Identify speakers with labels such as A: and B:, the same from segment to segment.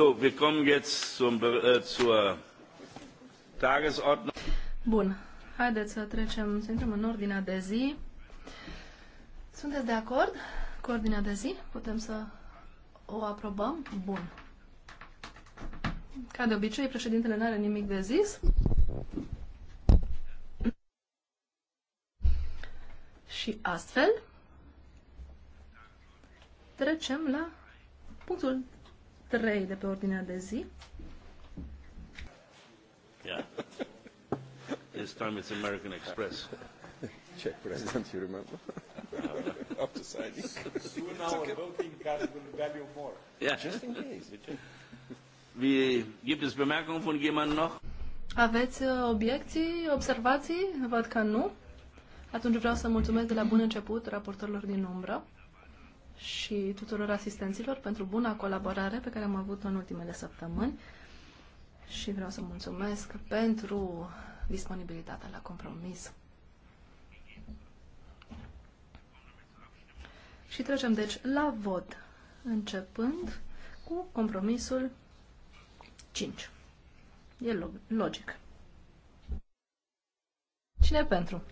A: So, wir kommen jetzt zum, äh, zur Tagesordnung.
B: Bun. Haideți să trecem, să intrăm în ordinea de zi. Sunteți de acord cu ordinea de zi? Putem să o aprobăm? Bun. Ca de obicei, președintele nu are nimic de zis. Și astfel, trecem la punctul 3 de pe ordinea de zi.
A: Yeah. This time it's American Express. Czech president, you remember? After signing. Soon our okay. voting card will value more. Yeah. Just in case. Wie, gibt es Bemerkungen von jemandem noch?
B: Aveți uh, obiecții, observații? Văd că nu. Atunci vreau să mulțumesc de la bun început raportorilor din umbră și tuturor asistenților pentru buna colaborare pe care am avut-o în ultimele săptămâni și vreau să mulțumesc pentru disponibilitatea la compromis. Și trecem deci la vot, începând cu compromisul 5. E log logic. Cine pentru?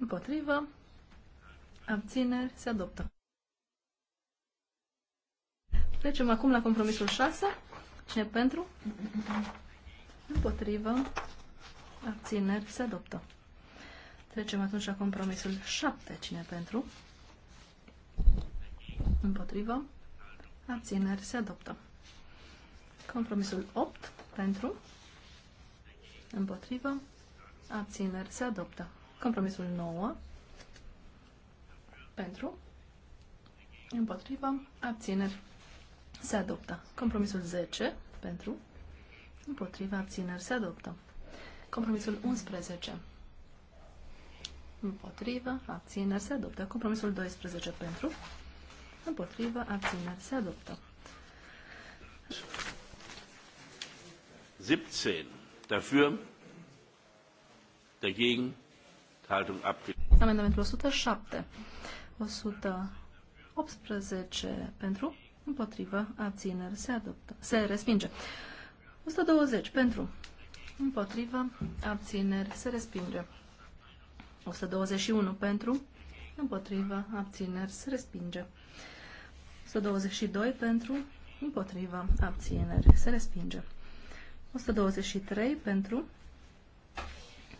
B: Împotrivă, Abțineri. Se adoptă. Trecem acum la compromisul 6. Cine pentru? Împotrivă. Abțineri. Se adoptă. Trecem atunci la compromisul 7. Cine pentru? Împotrivă. Abțineri. Se adoptă. Compromisul 8. Pentru. Împotrivă. Abțineri. Se adoptă. Compromisul 9. Pentru. Împotrivă. Abțineri. Se adoptă. Compromisul 10. Pentru. Împotrivă. Abțineri. Se adoptă. Compromisul 11. Împotrivă. Abțineri. Se adoptă. Compromisul 12. Pentru. Împotrivă. Abțineri. Se adoptă.
A: 17. Dafür. Dagegen.
B: Amendamentul 107 118 pentru, împotrivă, abțineri, se adoptă, se respinge. 120 pentru, împotrivă, abțineri, se respinge. 121 pentru, împotrivă, abțineri, se respinge. 122 pentru, împotrivă, abțineri, se respinge. 123 pentru,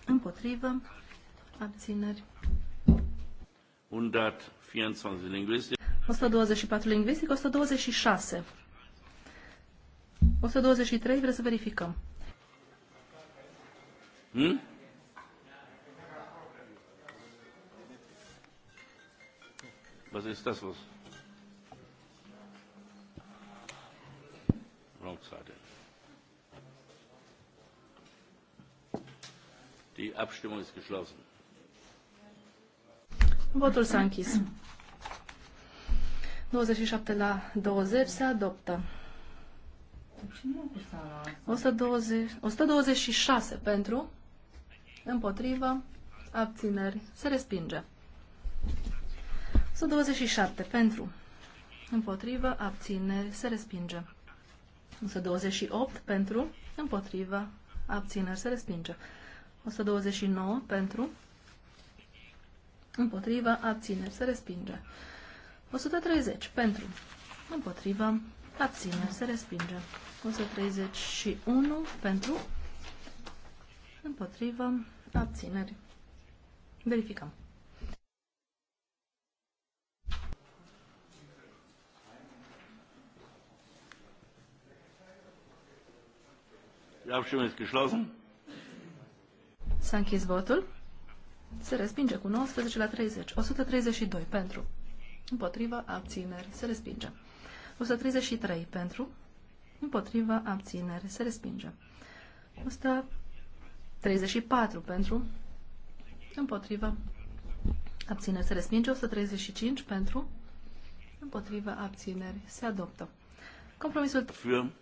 B: împotrivă, abțineri,
A: 124 lingvistic.
B: 124 lingvistic, 126. 123, vreți să verificăm.
A: Hmm? Was ist das was? Wrong side. Die Abstimmung ist geschlossen.
B: Votul s-a închis. 27 la 20 se adoptă. 120, 126 pentru, împotrivă, abțineri, se respinge. 127 pentru, împotrivă, abțineri, se respinge. 128 pentru, împotrivă, abțineri, se respinge. 129 pentru, Împotrivă, abțineri, se respinge. 130 pentru, Împotrivă, abțineri, se respinge. 131 pentru, Împotrivă, abțineri. Verificăm.
A: Die Abstimmung ist geschlossen.
B: S-a închis votul. Se respinge cu 19 la 30. 132 pentru. Împotriva abțineri. Se respinge. 133 pentru. Împotriva abțineri. Se respinge. 134 pentru. Împotriva abțineri. Se respinge. 135 pentru. Împotriva abțineri. Se adoptă. Compromisul.
A: Für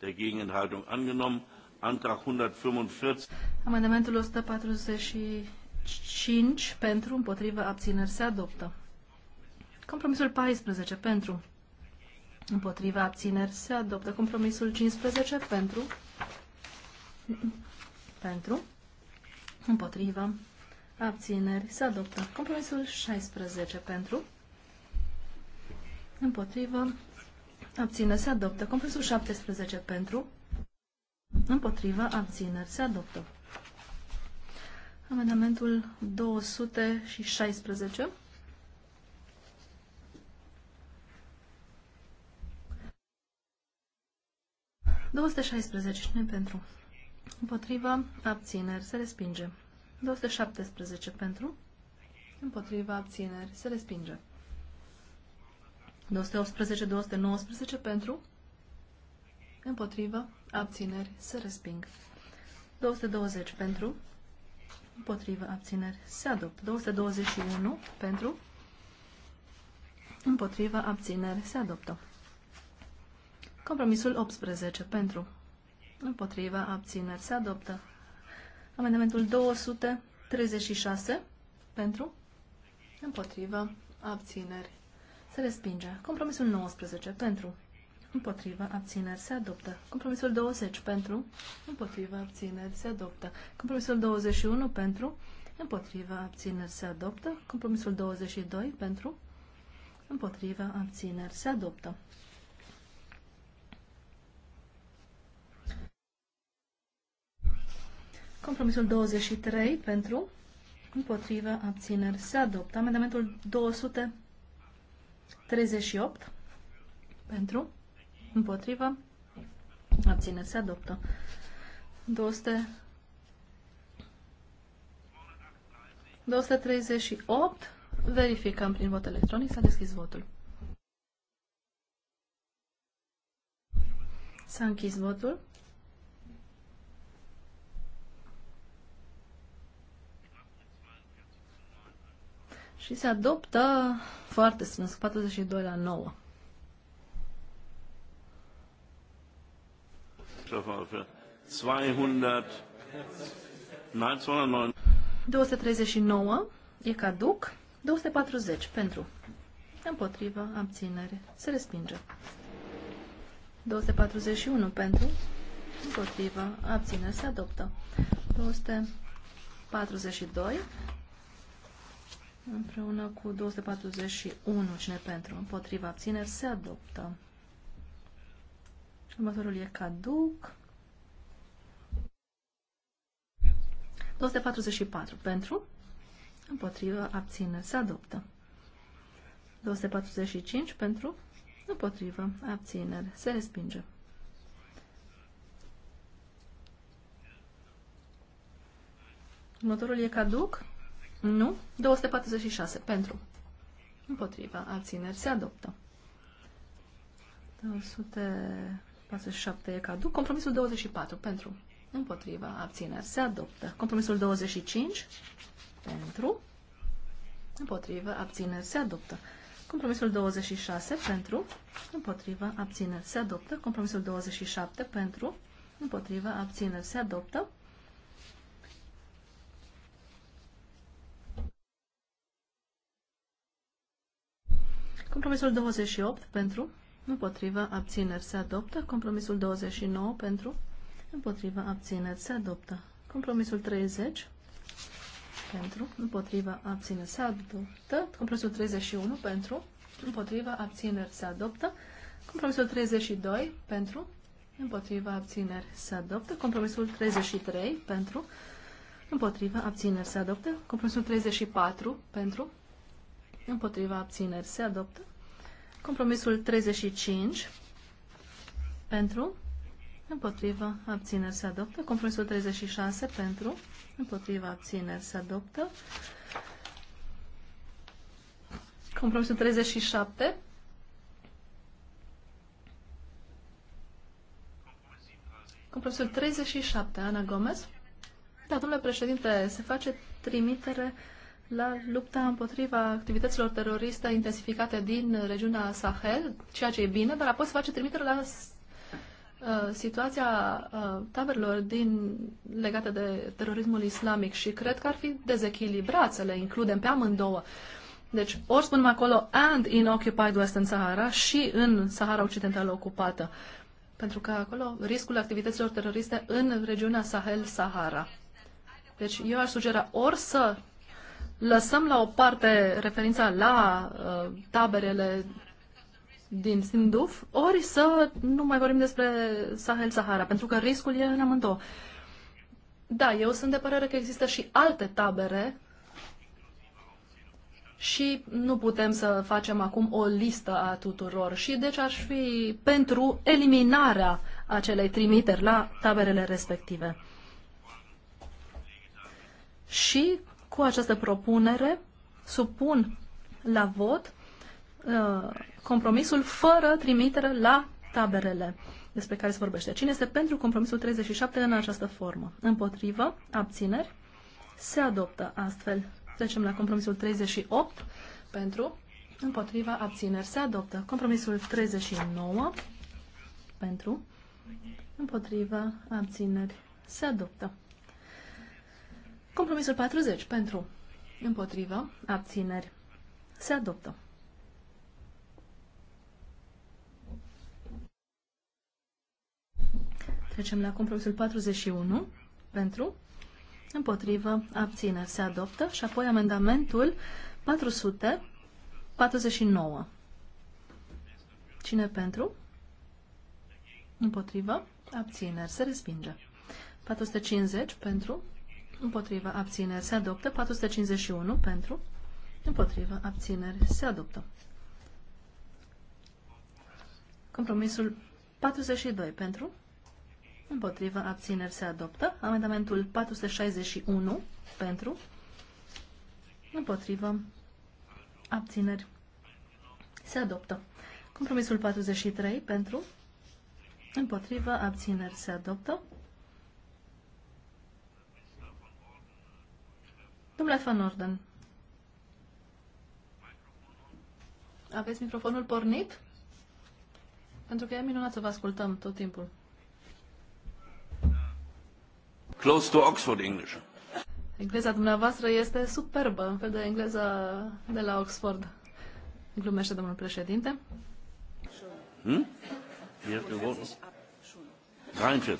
A: der Gegenenthaltung angenommen. Antrag 145.
B: Amendamentul 140 5 pentru, împotrivă, abțineri se adoptă. Compromisul 14 pentru, împotrivă, abțineri se adoptă. Compromisul 15 pentru, pentru, împotrivă, abțineri se adoptă. Compromisul 16 pentru, împotrivă, abțineri se adoptă. Compromisul 17 pentru, împotrivă, abțineri se adoptă. Amendamentul 216. Nu pentru? Împotriva abțineri. Se respinge. 217 pentru. Împotriva abțineri. Se respinge. 218-219 pentru. Împotriva abțineri. Se resping. 220 pentru împotrivă, abțineri, se adoptă. 221 pentru, împotrivă, abțineri, se adoptă. Compromisul 18 pentru, împotrivă, abțineri, se adoptă. Amendamentul 236 pentru, împotrivă, abțineri, se respinge. Compromisul 19 pentru, împotriva, abțineri, se adoptă. Compromisul 20 pentru, împotriva, abțineri, se adoptă. Compromisul 21 pentru, împotriva, abțineri, se adoptă. Compromisul 22 pentru, împotriva, abțineri, se adoptă. Compromisul 23 pentru, împotriva, abțineri, se adoptă. Amendamentul 238 pentru, Împotrivă? Abține. Se adoptă. 200... 238. Verificăm prin vot electronic. S-a deschis votul. S-a închis votul. Și se adoptă foarte strâns, 42 la 9.
A: 200, nein, 209.
B: 239 e caduc, 240 pentru, împotrivă, abținere, se respinge. 241 pentru, împotrivă, abținere, se adoptă. 242 împreună cu 241 cine pentru, împotrivă, abținere, se adoptă următorul e caduc. 244 pentru, împotrivă, abține, se adoptă. 245 pentru, împotrivă, abține, se respinge. Următorul e caduc? Nu. 246 pentru, Împotriva. abțineri, se adoptă. 200... 47 e caduc. Compromisul 24 pentru. Împotriva abțineri se adoptă. Compromisul 25 pentru. Împotriva abțineri se adoptă. Compromisul 26 pentru. Împotriva abțineri se adoptă. Compromisul 27 pentru. Împotriva abțineri se adoptă. Compromisul 28 pentru Împotrivă abțineri se adoptă. Compromisul 29 pentru. Împotrivă abțineri se adoptă. Compromisul 30 pentru. Împotrivă abțineri se adoptă. Compromisul 31 pentru. Împotrivă abțineri se adoptă. Compromisul 32 pentru. Împotrivă abțineri se adoptă. Compromisul 33 pentru. Împotrivă abțineri se adoptă. Compromisul 34 pentru. Împotriva abțineri se adoptă. Compromisul 35 pentru, împotriva, abțineri se adoptă. Compromisul 36 pentru, împotriva, abțineri se adoptă. Compromisul 37 Compromisul 37, Ana Gomez. Da, domnule președinte, se face trimitere la lupta împotriva activităților teroriste intensificate din regiunea Sahel, ceea ce e bine, dar apoi se face trimitere la uh, situația uh, taberelor din, legate de terorismul islamic și cred că ar fi dezechilibrat să le includem pe amândouă. Deci, ori spunem acolo and in occupied Western Sahara și în Sahara Occidentală ocupată, pentru că acolo riscul activităților teroriste în regiunea Sahel-Sahara. Deci eu aș sugera ori să lăsăm la o parte referința la uh, taberele din Sinduf, ori să nu mai vorbim despre Sahel-Sahara, pentru că riscul e în amândouă. Da, eu sunt de părere că există și alte tabere și nu putem să facem acum o listă a tuturor și deci aș fi pentru eliminarea acelei trimiteri la taberele respective. Și cu această propunere supun la vot uh, compromisul fără trimitere la taberele despre care se vorbește. Cine este pentru compromisul 37 în această formă? Împotrivă? Abțineri? Se adoptă astfel. Trecem la compromisul 38 pentru împotriva abțineri. Se adoptă. Compromisul 39 pentru împotriva abțineri. Se adoptă. Compromisul 40 pentru împotrivă abțineri se adoptă. Trecem la compromisul 41 pentru împotrivă abțineri se adoptă și apoi amendamentul 449. Cine pentru? Împotrivă? Abțineri. Se respinge. 450 pentru? Împotrivă abțineri se adoptă. 451 pentru. Împotrivă abțineri se adoptă. Compromisul 42 pentru. Împotrivă abțineri se adoptă. Amendamentul 461 pentru. Împotrivă abțineri se adoptă. Compromisul 43 pentru. Împotrivă abțineri se adoptă. Domnule Van Orden, aveți microfonul pornit? Pentru că e minunat să vă ascultăm tot timpul.
A: Close to Oxford English.
B: Engleza dumneavoastră este superbă, în fel de engleză de la Oxford. Glumește domnul președinte.
A: Hmm? 43.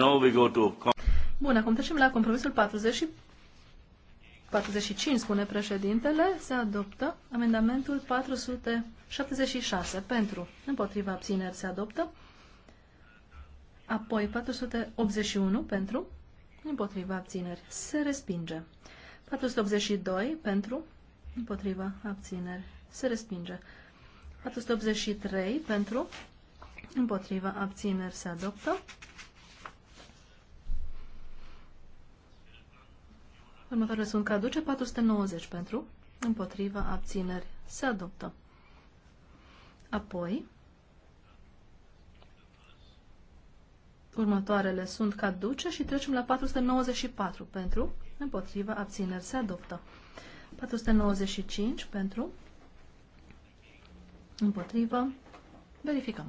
A: all we go to...
B: Bun, acum trecem la compromisul 40 și 45, spune președintele, se adoptă amendamentul 476 pentru, împotriva abțineri se adoptă, apoi 481 pentru, împotriva abțineri se respinge, 482 pentru, împotriva abțineri se respinge, 483 pentru, împotriva abțineri se adoptă, Următoarele sunt caduce, 490 pentru, împotriva, abțineri, se adoptă. Apoi, următoarele sunt caduce și trecem la 494 pentru, împotriva, abțineri, se adoptă. 495 pentru, împotriva, verificăm.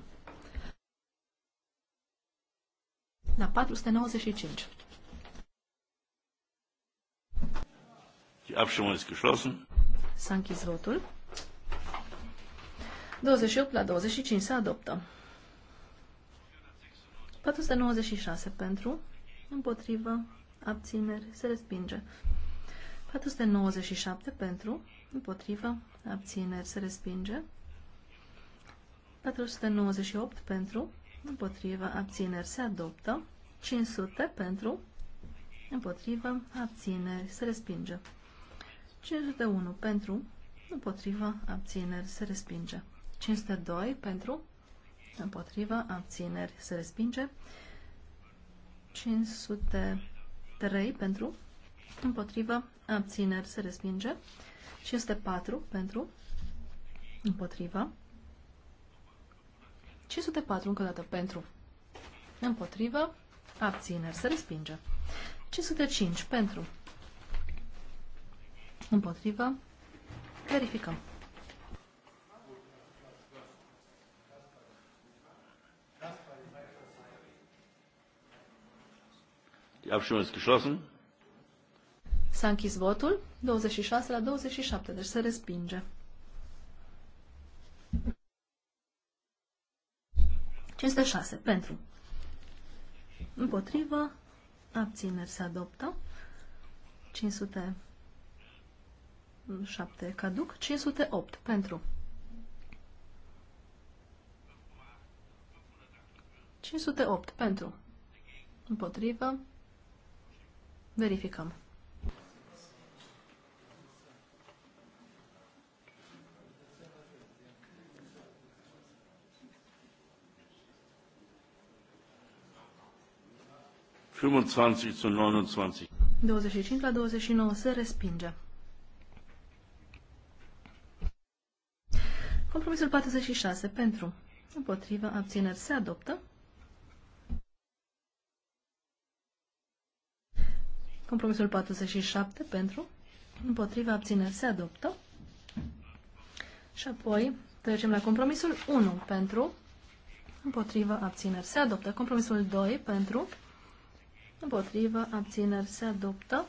B: La 495.
A: Abstimmung ist geschlossen.
B: S-a închis votul. 28 la 25 se adoptă. 496 pentru, împotrivă, abțineri, se respinge. 497 pentru, împotrivă, abțineri, se respinge. 498 pentru, împotrivă, abțineri, se adoptă. 500 pentru, împotrivă, abțineri, se respinge. 501 pentru, împotriva, abțineri, se respinge. 502 pentru, împotriva, abțineri, se respinge. 503 pentru, împotriva, abțineri, se respinge. 504 pentru, împotriva. 504 încă o dată pentru, împotriva, abțineri, se respinge. 505 pentru, Împotrivă. Verificăm. S-a închis votul, 26 la 27, deci se respinge. 506 pentru. Împotrivă, abțineri se adoptă. 500 7 caduc, 508 pentru. 508 pentru. Împotrivă. Verificăm.
A: zu 25
B: la 29 se respinge. Compromisul 46 pentru, împotrivă, abțineri se adoptă. Compromisul 47 pentru, împotrivă, abțineri se adoptă. Și apoi trecem la compromisul 1 pentru, împotrivă, abțineri se adoptă. Compromisul 2 pentru, împotrivă, abțineri se adoptă.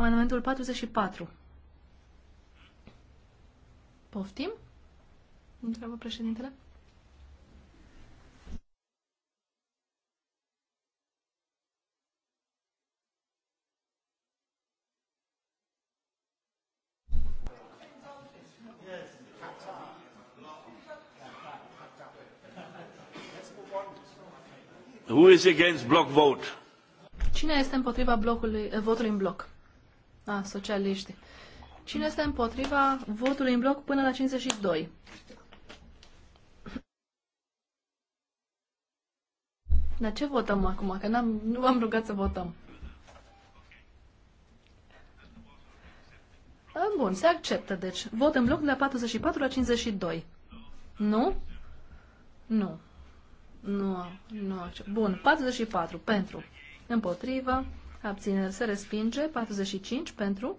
B: Amendamentul 44. Poftim? Întreabă președintele.
A: Who is against block vote?
B: Cine este împotriva blocului, votului în bloc? a socialiști. Cine este împotriva votului în bloc până la 52? Dar ce votăm acum? Că am nu am rugat să votăm. Bun, se acceptă, deci. Vot în bloc de la 44 la 52. Nu? Nu. Nu, nu Bun, 44 pentru. Împotrivă abțineri se respinge, 45 pentru,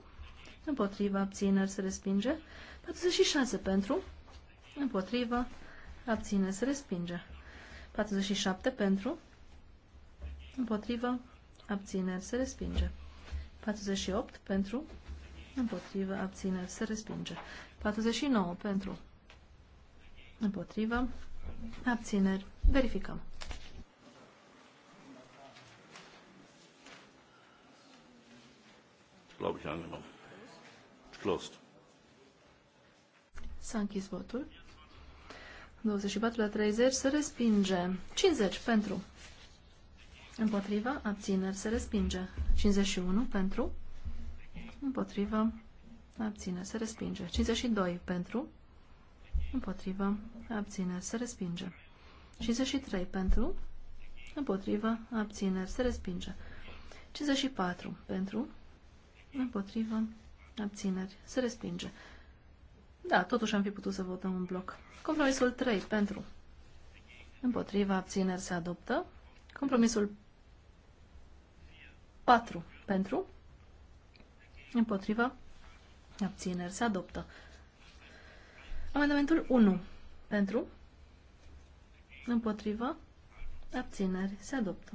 B: împotriva abțineri se respinge, 46 pentru, împotriva abțineri se respinge, 47 pentru, împotriva abțineri se respinge, 48 pentru, împotriva abțineri se respinge, 49 pentru, împotriva abțineri, verificăm.
A: glaube ich, angenommen. Closed.
B: S-a închis votul. 24 la 30 se respinge. 50 pentru. Împotriva, abțineri, se respinge. 51 pentru. Împotriva, abțineri, se respinge. 52 pentru. Împotriva, abțineri, se respinge. 53 pentru. Împotriva, abțineri, se respinge. 54 pentru împotrivă, abțineri, se respinge. Da, totuși am fi putut să votăm un bloc. Compromisul 3 pentru, împotriva, abțineri, se adoptă. Compromisul 4 pentru, împotriva, abțineri, se adoptă. Amendamentul 1 pentru, împotriva, abțineri, se adoptă.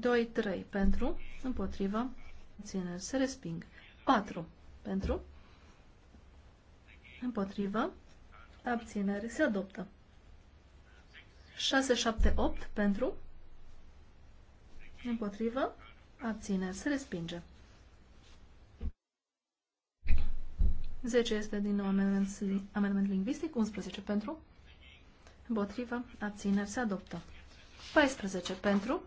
B: 2-3 pentru, împotrivă, țineri, se resping. 4 pentru, împotrivă, abțineri, se adoptă. 6-7-8 pentru, împotrivă, abțineri, se respinge. 10 este din nou amendament, amendament lingvistic, 11 pentru, împotrivă, abțineri, se adoptă. 14 pentru,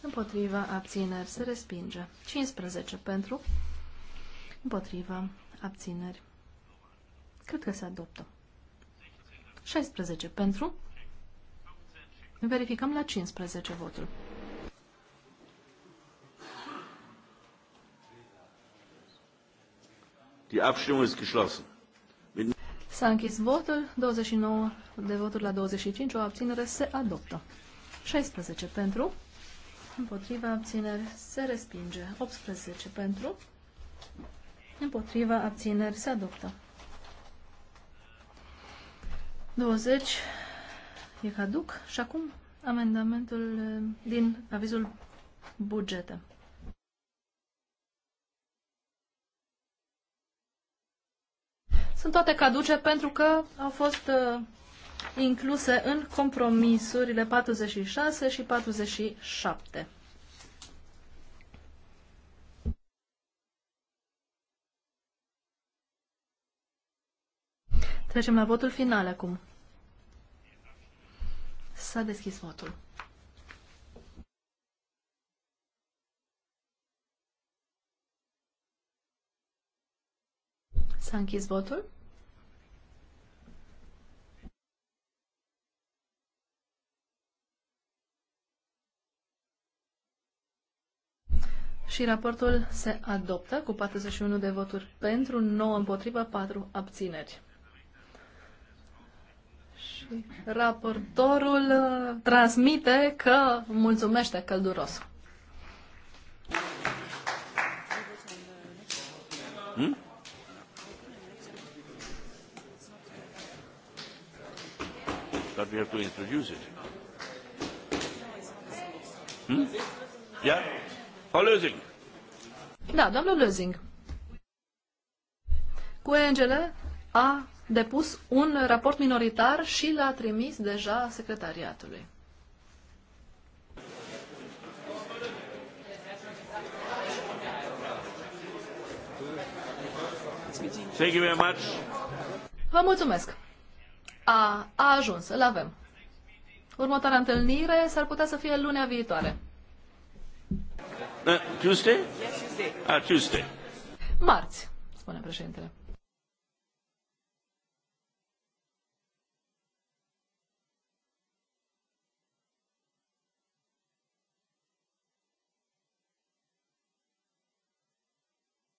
B: Împotriva abțineri se respinge. 15 pentru. Împotriva abțineri. Cred că se adoptă. 16 pentru. Verificăm la 15 votul.
A: Die Abstimmung ist geschlossen.
B: S-a închis votul, 29 de voturi la 25, o abținere se adoptă. 16 pentru, împotriva abțineri se respinge. 18 pentru, împotriva abțineri se adoptă. 20 e caduc și acum amendamentul eh, din avizul bugete. Sunt toate caduce pentru că au fost eh, incluse în compromisurile 46 și 47. Trecem la votul final acum. S-a deschis votul. S-a închis votul. Și raportul se adoptă cu 41 de voturi pentru, 9 împotrivă, 4 abțineri. Și raportorul uh, transmite că mulțumește călduros.
A: Hmm? But we have to introduce it. Hmm? Yeah? Frau Lösing.
B: Da, domnul Lösing. QNGL a depus un raport minoritar și l-a trimis deja secretariatului. Thank you very much. Vă mulțumesc. A, a ajuns, îl avem. Următoarea întâlnire s-ar putea să fie lunea viitoare. Tuesday? Tuesday. Ah, Tuesday. Marți, spune președintele.